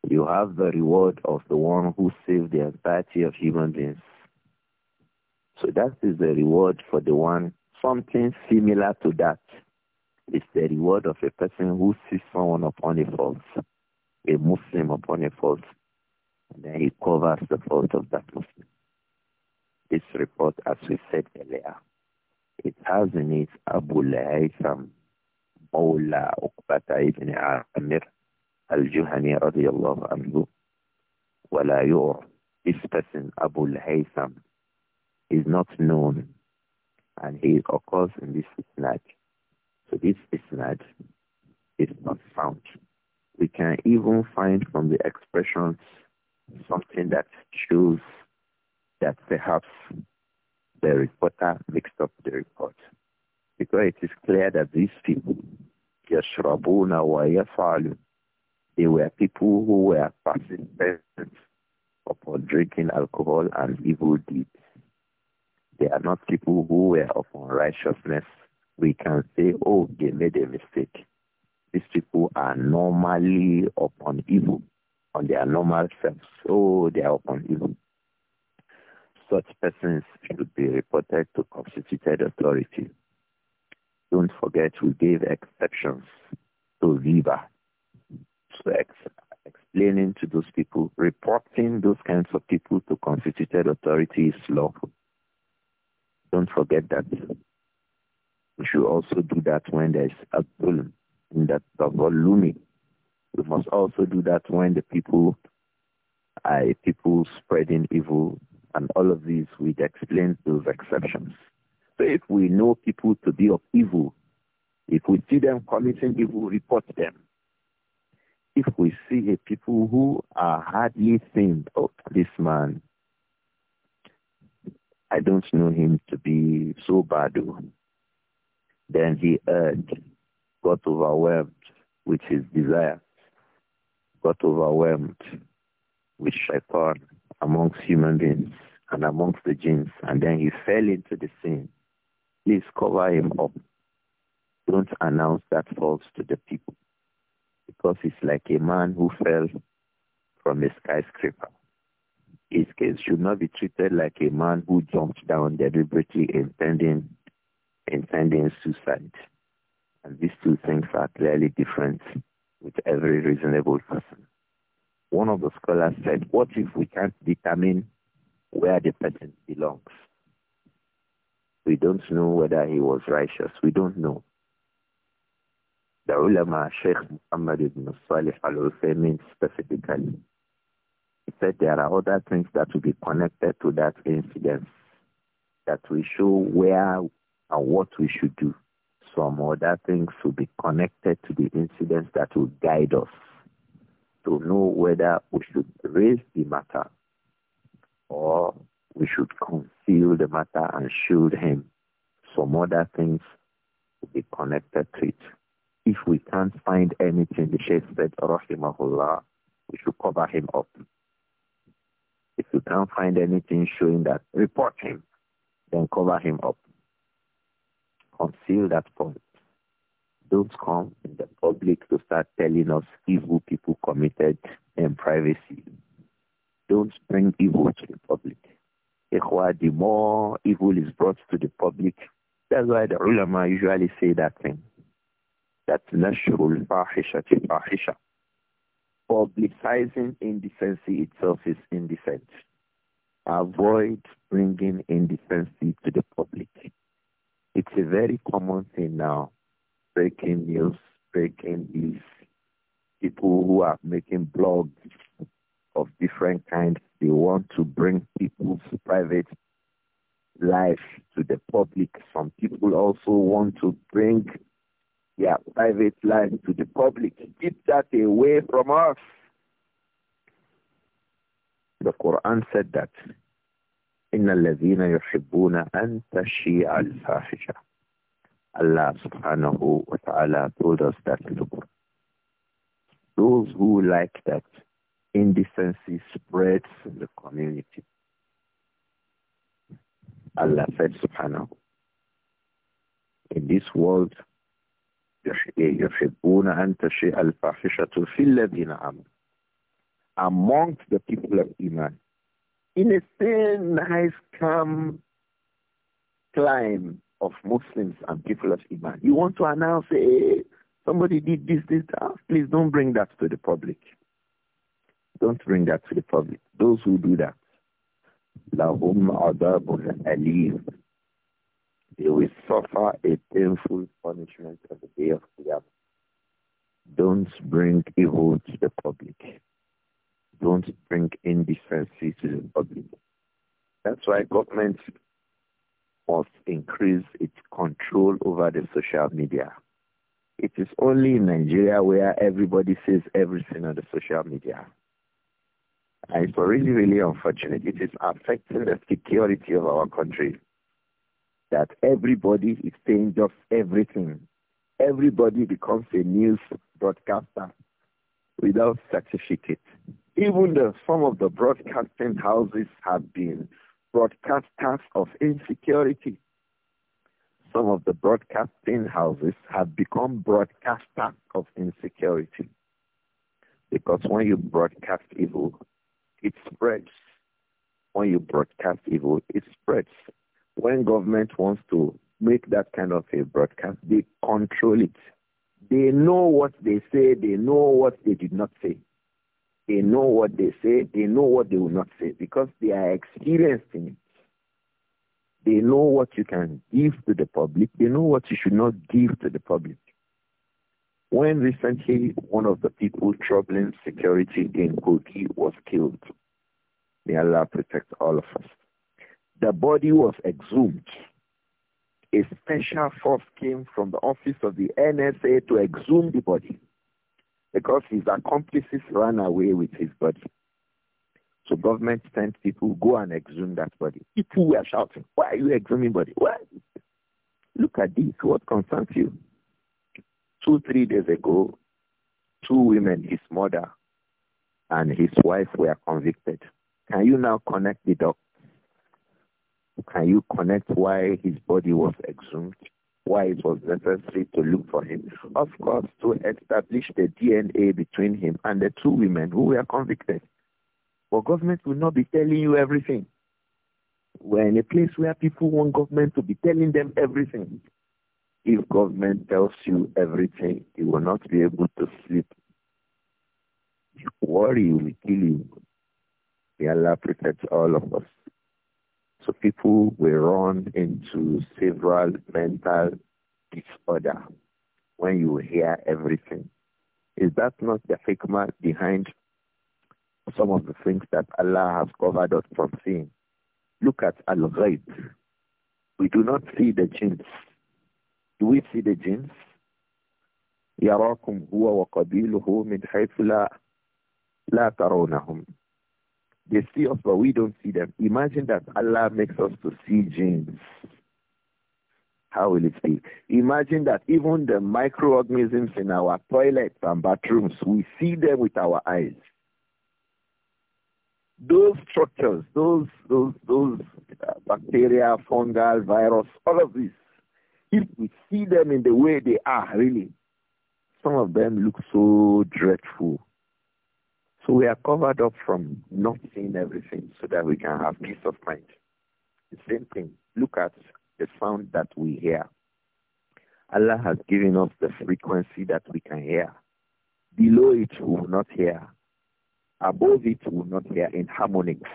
[SPEAKER 1] You have the reward of the one who saved the entirety of human beings. So that is the reward for the one. Something similar to that is the reward of a person who sees someone upon a fault, a Muslim upon a fault, and then he covers the fault of that Muslim. This report, as we said earlier, it has in it Abu Laysam Mawla Uqbata ibn Amir al-Juhani radiyallahu anhu. ولا يعرف This person, Abu Laysam, is not known and he occurs in this snatch. So this snatch is not found. We can even find from the expressions something that shows that perhaps the reporter mixed up the report. Because it is clear that these people, Yashrabuna wa Yafalu, they were people who were participants upon drinking alcohol and evil deeds. They are not people who were of unrighteousness. We can say, oh, they made a mistake. These people are normally upon evil, on their normal selves. Oh, they are upon evil. Such persons should be reported to constituted authority. Don't forget we gave exceptions to Viva. So ex explaining to those people, reporting those kinds of people to constituted authority is lawful. Don't forget that. We should also do that when there's a zulm, in that the volume. We must also do that when the people are people spreading evil, and all of these we'd explain those exceptions. So if we know people to be of evil, if we see them committing evil, report them. If we see a people who are hardly think of this man I don't know him to be so bad. Then he heard, got overwhelmed with his desire, got overwhelmed with shaitan amongst human beings and amongst the jinns, and then he fell into the sin. Please cover him up. Don't announce that false to the people because it's like a man who fell from a skyscraper his case should not be treated like a man who jumped down deliberately intending, intending suicide. And these two things are clearly different with every reasonable person. One of the scholars said, what if we can't determine where the person belongs? We don't know whether he was righteous. We don't know. The ulama, Sheikh Muhammad ibn Salih al-Uthaymin specifically, he said there are other things that will be connected to that incident that will show where and what we should do. Some other things will be connected to the incidents that will guide us to know whether we should raise the matter or we should conceal the matter and shield him. Some other things will be connected to it. If we can't find anything, the Shaykh said, Rahimahullah, we should cover him up. If you can't find anything showing that, report him. Then cover him up. Conceal that point. Don't come in the public to start telling us evil people committed in privacy. Don't bring evil to the public. The more evil is brought to the public, that's why the ulama usually say that thing. That's natural fahisha fahisha publicizing indecency itself is indecent. Avoid bringing indecency to the public. It's a very common thing now. Breaking news, breaking news. People who are making blogs of different kinds, they want to bring people's private life to the public. Some people also want to bring their private life to the public. Keep that away from us. The Quran said that. إِنَّ الَّذِينَ يُحِبُّونَ أَن تَشِيعَ الْفَاحِشَةِ Allah subhanahu wa ta'ala told us that in the Quran. Those who like that indecency spreads in the community. Allah said subhanahu. In this world, يحبون أن تشيء الفاحشة في الذين آمنوا amongst the people of Iman in a same nice calm climb of Muslims and people of Iman. You want to announce, hey, somebody did this, this, that. Ah, please don't bring that to the public. Don't bring that to the public. Those who do that, لهم عذاب أليم they will suffer a painful punishment on the day of Qiyamah. Don't bring evil to the public. Don't bring indecency to the public. That's why government must increase its control over the social media. It is only in Nigeria where everybody says everything on the social media. And it's really, really unfortunate. It is affecting the security of our country that everybody is saying just everything. Everybody becomes a news broadcaster without certificate. Even the, some of the broadcasting houses have been broadcasters of insecurity. Some of the broadcasting houses have become broadcasters of insecurity. Because when you broadcast evil, it spreads. When you broadcast evil, it spreads. When government wants to make that kind of a broadcast, they control it. They know what they say, they know what they did not say. They know what they say, they know what they will not say because they are experienced in it. They know what you can give to the public, they know what you should not give to the public. When recently one of the people troubling security in Kogi was killed, may Allah protect all of us the body was exhumed. A special force came from the office of the NSA to exhume the body because his accomplices ran away with his body. So government sent people, go and exhume that body. People were shouting, why are you exhuming body? Why? Look at this, what concerns you? Two, three days ago, two women, his mother and his wife, were convicted. Can you now connect the dots? Can you connect why his body was exhumed? Why it was necessary to look for him? Of course, to establish the DNA between him and the two women who were convicted. But government will not be telling you everything. We're in a place where people want government to be telling them everything. If government tells you everything, you will not be able to sleep. Worry will kill you. May Allah protect all of us. So people will run into several mental disorder when you hear everything. Is that not the hikmah behind some of the things that Allah has covered us from seeing? Look at al ghayb We do not see the jinns. Do we see the jinns? يراكم هو وقبيله من حيث لا لا ترونهم they see us, but we don't see them. Imagine that Allah makes us to see genes. How will it be? Imagine that even the microorganisms in our toilets and bathrooms, we see them with our eyes. Those structures, those, those, those uh, bacteria, fungi, virus, all of this, if we see them in the way they are, really, some of them look so dreadful so we are covered up from not seeing everything so that we can have peace of mind. The same thing. Look at the sound that we hear. Allah has given us the frequency that we can hear. Below it, we will not hear. Above it, we will not hear in harmonics.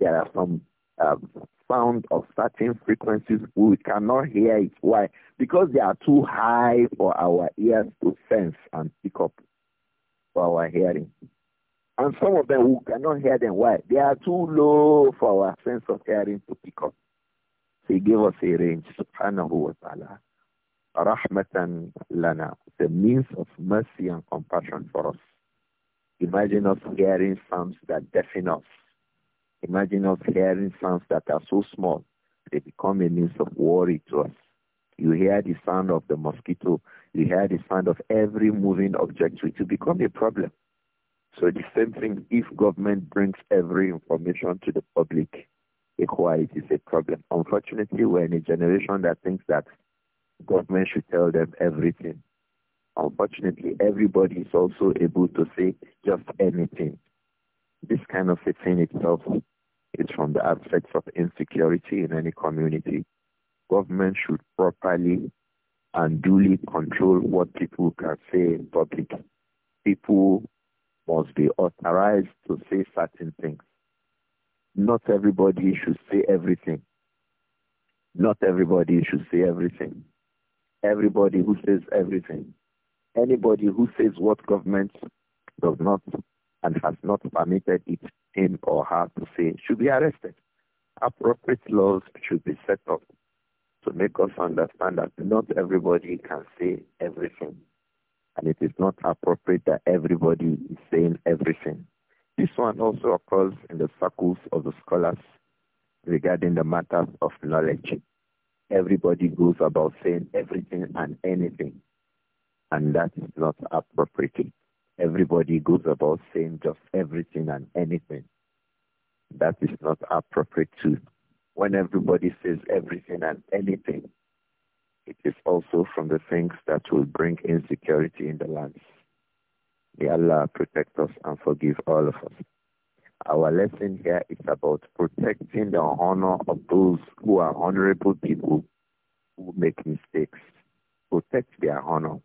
[SPEAKER 1] There are some um, sound of certain frequencies we cannot hear it. Why? Because they are too high for our ears to sense and pick up for our hearing. And some of them, who cannot hear them. Why? They are too low for our sense of hearing to pick up. So he gave us a range, subhanahu wa ta'ala. Rahmatan lana, the means of mercy and compassion for us. Imagine us hearing sounds that deafen us. Imagine us hearing sounds that are so small, they become a means of worry to us. You hear the sound of the mosquito, you hear the sound of every moving object, which will become a problem. So the same thing, if government brings every information to the public, it is a problem. Unfortunately, we're in a generation that thinks that government should tell them everything. Unfortunately, everybody is also able to say just anything. This kind of a thing itself is from the aspects of insecurity in any community. Government should properly and duly control what people can say in public. People must be authorized to say certain things. Not everybody should say everything. Not everybody should say everything. Everybody who says everything. Anybody who says what government does not and has not permitted it him or her to say should be arrested. Appropriate laws should be set up to make us understand that not everybody can say everything and it is not appropriate that everybody is saying everything. This one also occurs in the circles of the scholars regarding the matters of knowledge. Everybody goes about saying everything and anything, and that is not appropriate. Everybody goes about saying just everything and anything. That is not appropriate too. When everybody says everything and anything, it is also from the things that will bring insecurity in the land. May Allah protect us and forgive all of us. Our lesson here is about protecting the honor of those who are honorable people who make mistakes. Protect their honor.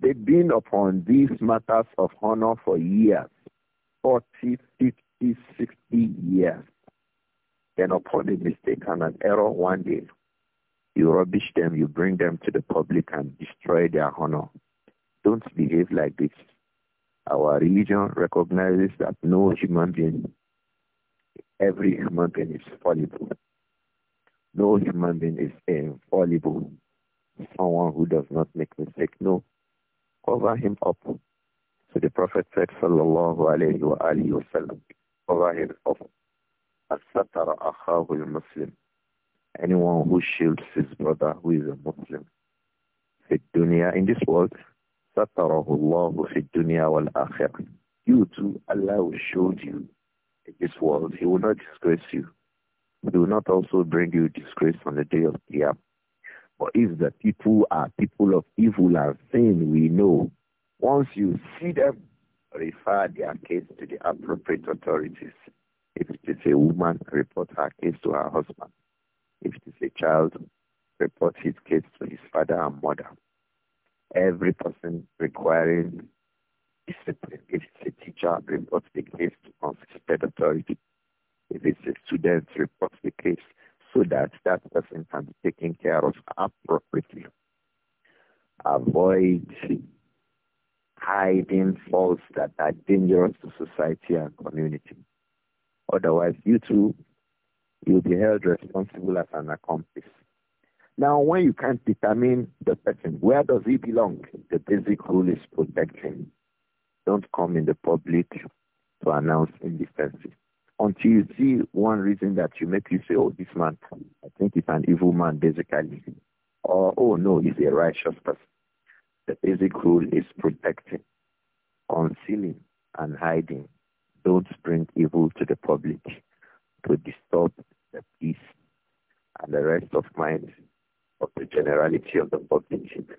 [SPEAKER 1] They've been upon these matters of honor for years, 40, 50, 60 years. Then upon a mistake and an error one day, you rubbish them, you bring them to the public and destroy their honor. Don't behave like this. Our religion recognizes that no human being, every human being is fallible. No human being is infallible. Someone who does not make mistake, no. Cover him up. So the Prophet said, Sallallahu alayhi wa sallam, cover him up. As-satara al muslim anyone who shields his brother who is a Muslim. في الدنيا in this world ستره الله في الدنيا والآخرة. You too, Allah will shield you in this world. He will not disgrace you. He will not also bring you disgrace on the day of Qiyam. But if the people are people of evil and sin, we know once you see them, refer their case to the appropriate authorities. If it is a woman, report her case to her husband. If it is a child, report his case to his father and mother. Every person requiring discipline. If it's a teacher, report the case to constituted authority. If it's a student, report the case so that that person can be taken care of appropriately. Avoid hiding faults that are dangerous to society and community. Otherwise, you too you'll be held responsible as an accomplice. Now, when you can't determine the person, where does he belong? The basic rule is protection. Don't come in the public to announce indecency until you see one reason that you make you say, oh, this man, I think he's an evil man, basically. Or, oh, no, he's a righteous person. The basic rule is protecting, concealing, and hiding. Don't bring evil to the public to disturb the peace and the rest of mind of the generality of the public. The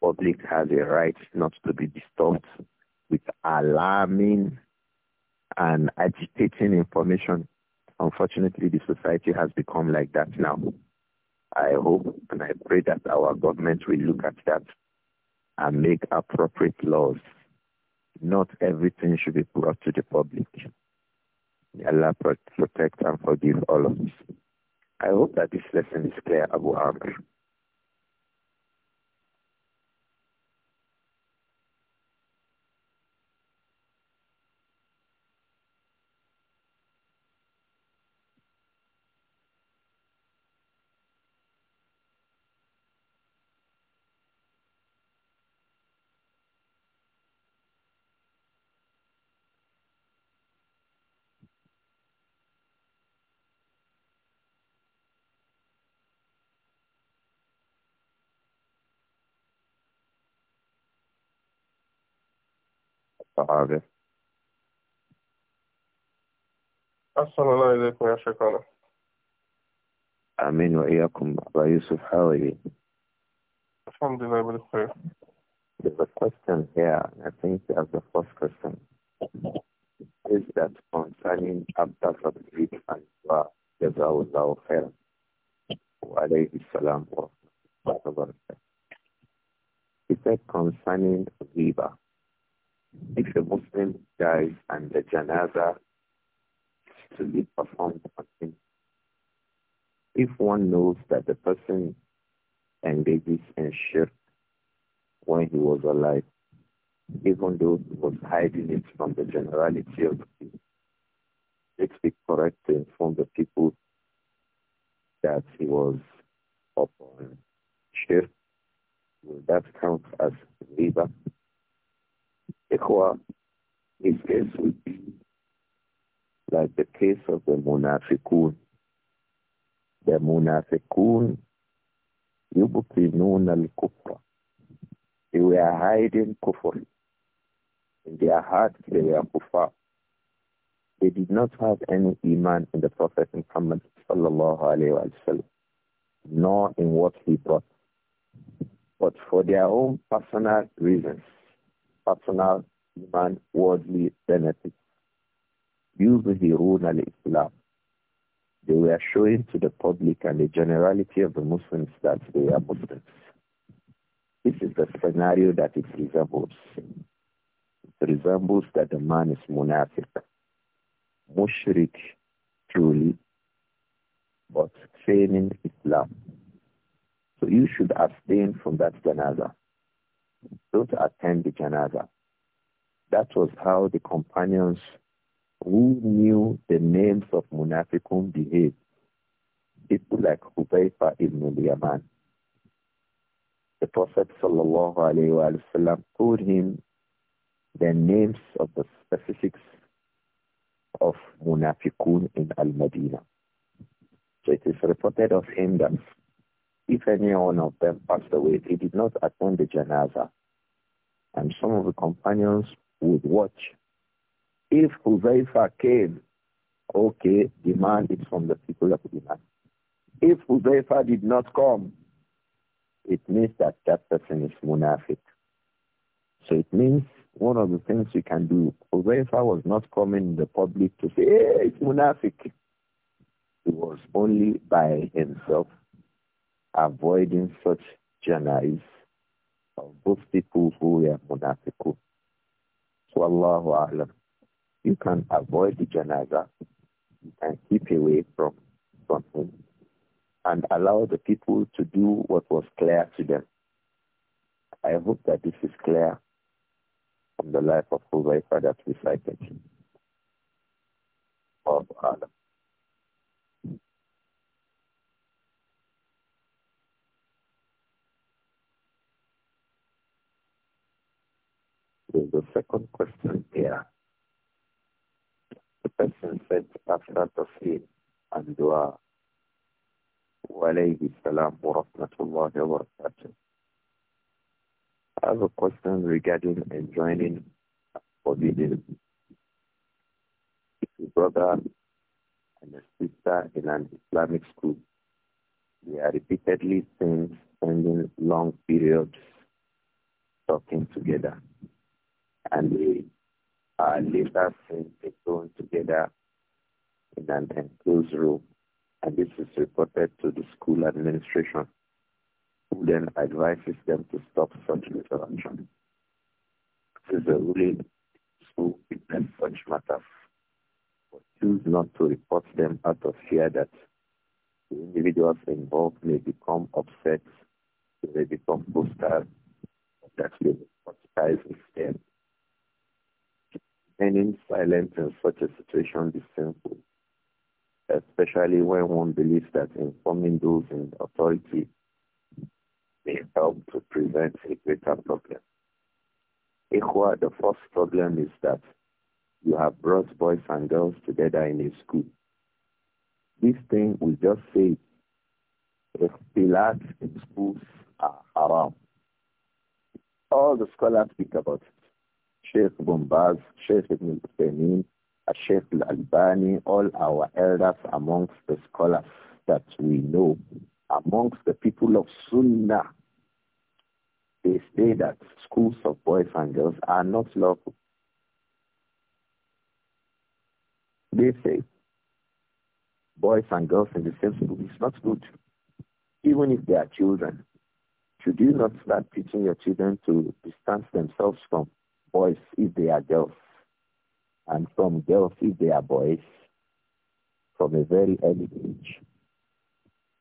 [SPEAKER 1] public has a right not to be disturbed with alarming and agitating information. Unfortunately, the society has become like that now. I hope and I pray that our government will look at that and make appropriate laws. Not everything should be brought to the public. May Allah protect and forgive all of us. I hope that this lesson is clear, Abu Amr. الصحابة أحسن الله إليكم يا شيخنا آمين وإياكم أبا Yusuf how There's a question here I think that's the first question Is that concerning Abdul Rabbi and Wa Jazawullah Khair وعليه السلام ورحمة الله وبركاته He said concerning Ziba if a Muslim dies and the janaza to be performed on him, if one knows that the person engages in shirk when he was alive, even though he was hiding it from the generality of people, it be correct to inform the people that he was upon shirk. Will that count as riba? Ikhwa, is case would be like the case of the Munafikun. The Munafiqun, Yubukinun al-Kufra. They were hiding kufr. In their hearts, they were kufar. They did not have any iman in the Prophet Muhammad sallallahu alayhi wa nor in what he brought. But for their own personal reasons, personal human worldly benefits. of Islam. They were showing to the public and the generality of the Muslims that they are Muslims. This is the scenario that it resembles. It resembles that the man is monastic, mushrik truly, but feigning Islam. So you should abstain from that janaza don't attend the janaza. That was how the companions who knew the names of Munafikun behaved. People like Hubaifa ibn Yaman. The Prophet sallallahu alayhi wa told him the names of the specifics of Munafikun in Al-Madinah. So it is reported of him that if any one of them passed away, he did not attend the janaza. And some of the companions would watch. If Huzaifa came, okay, demand it from the people of Iman. If Huzaifa did not come, it means that that person is munafiq. So it means one of the things you can do, Huzaifa was not coming in the public to say, hey, it's munafiq. It was only by himself avoiding such journalists of both people who are munafiqun. So Allahu A'lam. You can avoid the janaza and keep away from, from him and allow the people to do what was clear to them. I hope that this is clear from the life of Huzaifa that we cited. Of Adam. to the second question here. The person said after Tafsir and Dua, وَعَلَيْهِ السَّلَامُ وَرَحْمَةُ اللَّهِ وَبَرَكَاتُهُ I have a question regarding enjoining forbidden. If a brother and a sister in an Islamic school, they are repeatedly spending long periods talking together and they uh, lived as thrown together in an enclosed room. And this is reported to the school administration, who then advises them to stop such interaction. This is a ruling school witness such matters, but choose not to report them out of fear that the individuals involved may become upset, they may become hostile, that will hostilize them remaining silent in such a situation is sinful, especially when one believes that informing those in authority may help to prevent a greater problem. Ikhwa, the first problem is that you have brought boys and girls together in a school. This thing we just say, if pillars in schools are haram. All the scholars speak about it. Sheikh Bombaz, Sheikh Ibn Uthaymeen, Sheikh Al-Albani, all our elders amongst the scholars that we know, amongst the people of Sunnah, they say that schools of boys and girls are not lawful. They say boys and girls in the same school is not good, even if they are children. Should you not start teaching your children to distance themselves from boys if they are girls, and from girls if they are boys, from a very early age.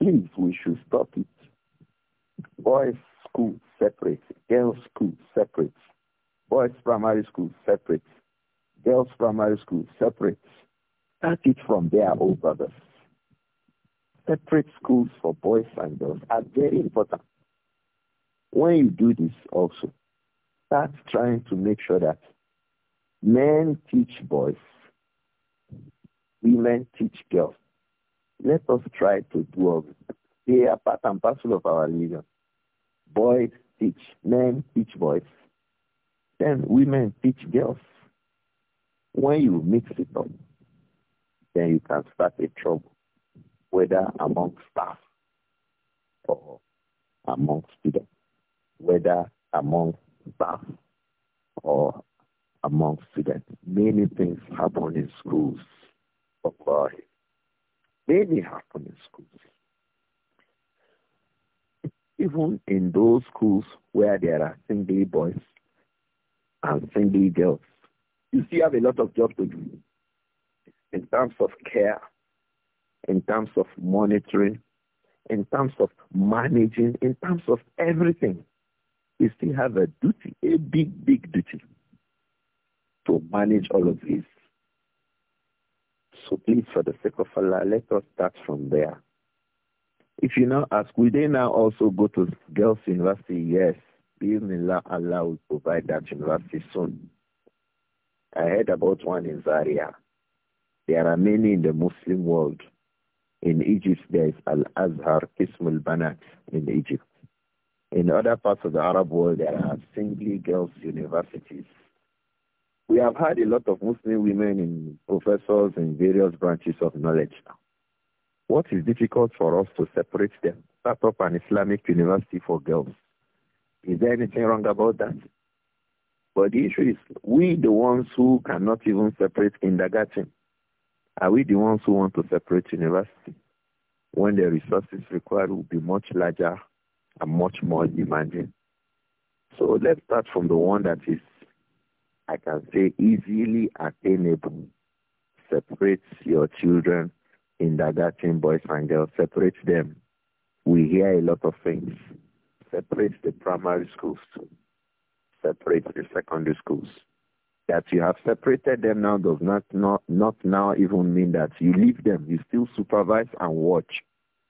[SPEAKER 1] Please, we should stop it. Boys' school separate, girls' school separate, boys' primary school separate, girls' primary school separate. Start it from their old oh, brothers. Separate schools for boys and girls are very important. When you do this also, start trying to make sure that men teach boys, women teach girls. Let us try to do our They are part and parcel of our religion. Boys teach, men teach boys. Then women teach girls. When you mix it up, then you can start a trouble, whether among staff or among students, whether among bath or among students. Many things happen in schools. Oh Many happen in schools. Even in those schools where there are single boys and single girls, you still have a lot of job to do in terms of care, in terms of monitoring, in terms of managing, in terms of everything we still have a duty, a big, big duty to manage all of this. So please, for the sake of Allah, let us start from there. If you now ask, will they now also go to girls' university? Yes. Bismillah, Allah will provide that university soon. I heard about one in Zaria. There are many in the Muslim world. In Egypt, there is Al-Azhar Ismail Banat in Egypt. In other parts of the Arab world, there are singly girls' universities. We have had a lot of Muslim women in professors in various branches of knowledge now. What is difficult for us to separate them? Start up an Islamic university for girls. Is there anything wrong about that? But the issue is, we the ones who cannot even separate kindergarten, are we the ones who want to separate university? When the resources required will be much larger are much more demanding. So let's start from the one that is, I can say, easily attainable. Separate your children, in kindergarten boys and girls, separate them. We hear a lot of things. Separate the primary schools, separate the secondary schools. That you have separated them now does not, not, not now even mean that you leave them. You still supervise and watch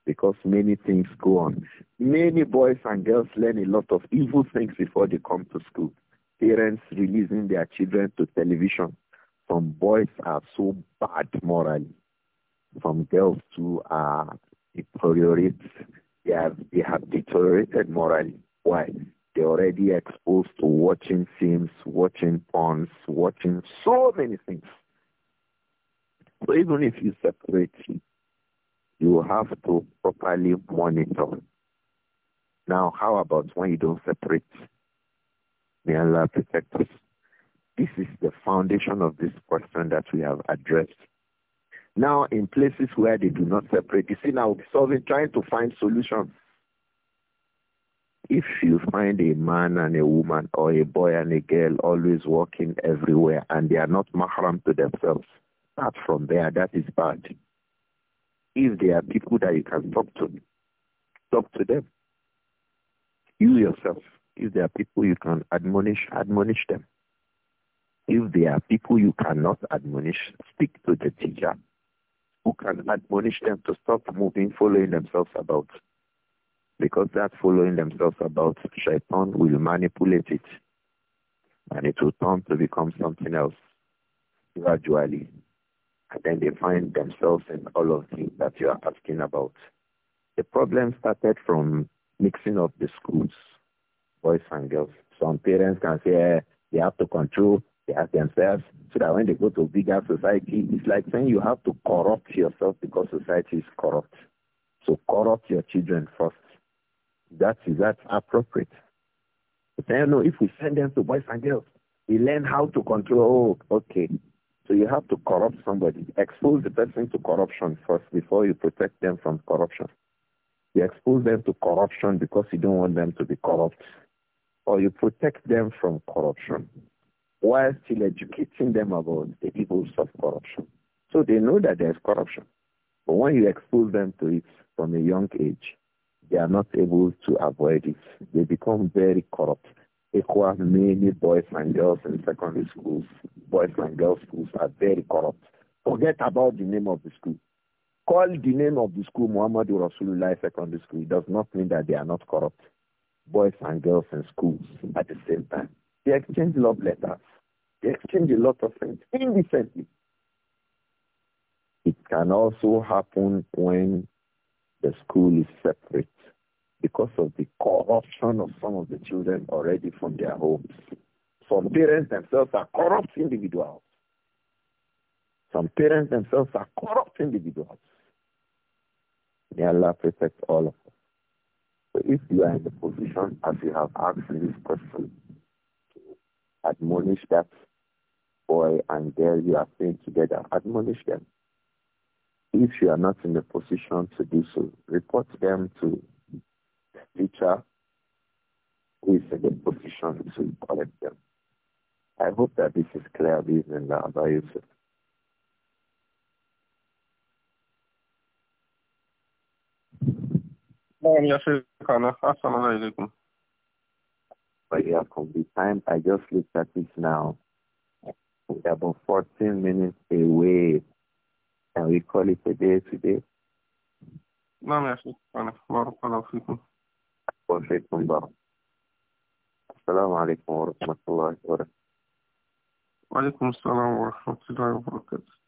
[SPEAKER 1] because many things go on. Many boys and girls learn a lot of evil things before they come to school. Parents releasing their children to television. Some boys are so bad morally. Some girls too are deteriorate. They have, they have deteriorated morally. Why? They're already exposed to watching films, watching porns, watching so many things. So even if you separate you have to properly monitor. Now, how about when you don't separate? May Allah protect us. This is the foundation of this question that we have addressed. Now, in places where they do not separate, you see, now we are solving, trying to find solutions. If you find a man and a woman or a boy and a girl always walking everywhere and they are not mahram to themselves, start from there. That is bad. If there are people that you can talk to, talk to them. You yourself, if there are people you can admonish, admonish them. If there are people you cannot admonish, speak to the teacher who can admonish them to stop moving, following themselves about. Because that following themselves about, shaitan will manipulate it and it will turn to become something else gradually and then they find themselves in all of things that you are asking about. The problem started from mixing up the schools, boys and girls. Some parents can say eh, they have to control they have themselves so that when they go to bigger society, it's like saying you have to corrupt yourself because society is corrupt. So corrupt your children first. That is that appropriate. But then, you know, if we send them to boys and girls, they learn how to control. Oh, okay, so you have to corrupt somebody. Expose the person to corruption first before you protect them from corruption. You expose them to corruption because you don't want them to be corrupt. Or you protect them from corruption while still educating them about the evils of corruption. So they know that there's corruption. But when you expose them to it from a young age, they are not able to avoid it. They become very corrupt. Ikwa, many boys and girls in secondary schools, boys and girls schools are very corrupt. Forget about the name of the school. Call the name of the school Muhammadu Rasulullah Secondary School. It does not mean that they are not corrupt. Boys and girls in schools at the same time. They exchange love letters. They exchange a lot of things indecently. It can also happen when the school is separate because of the corruption of some of the children already from their homes. Some parents themselves are corrupt individuals. Some parents themselves are corrupt individuals. May Allah protect all of us. So if you are in the position, as you have asked this question, to admonish that boy and girl you are staying together, admonish them. If you are not in the position to do so, report them to teacher who is in the position to collect them. I hope that this is clear, Bismillah, about Yusuf. نعم يا شيخنا أحسن إليكم. وإياكم. The time I just looked at this now. We're about 14 minutes away. Can we call it a day today? نعم يا شيخنا بارك الله فيكم. وفيكم بارك السلام عليكم ورحمة الله وبركاته وعليكم السلام ورحمة الله وبركاته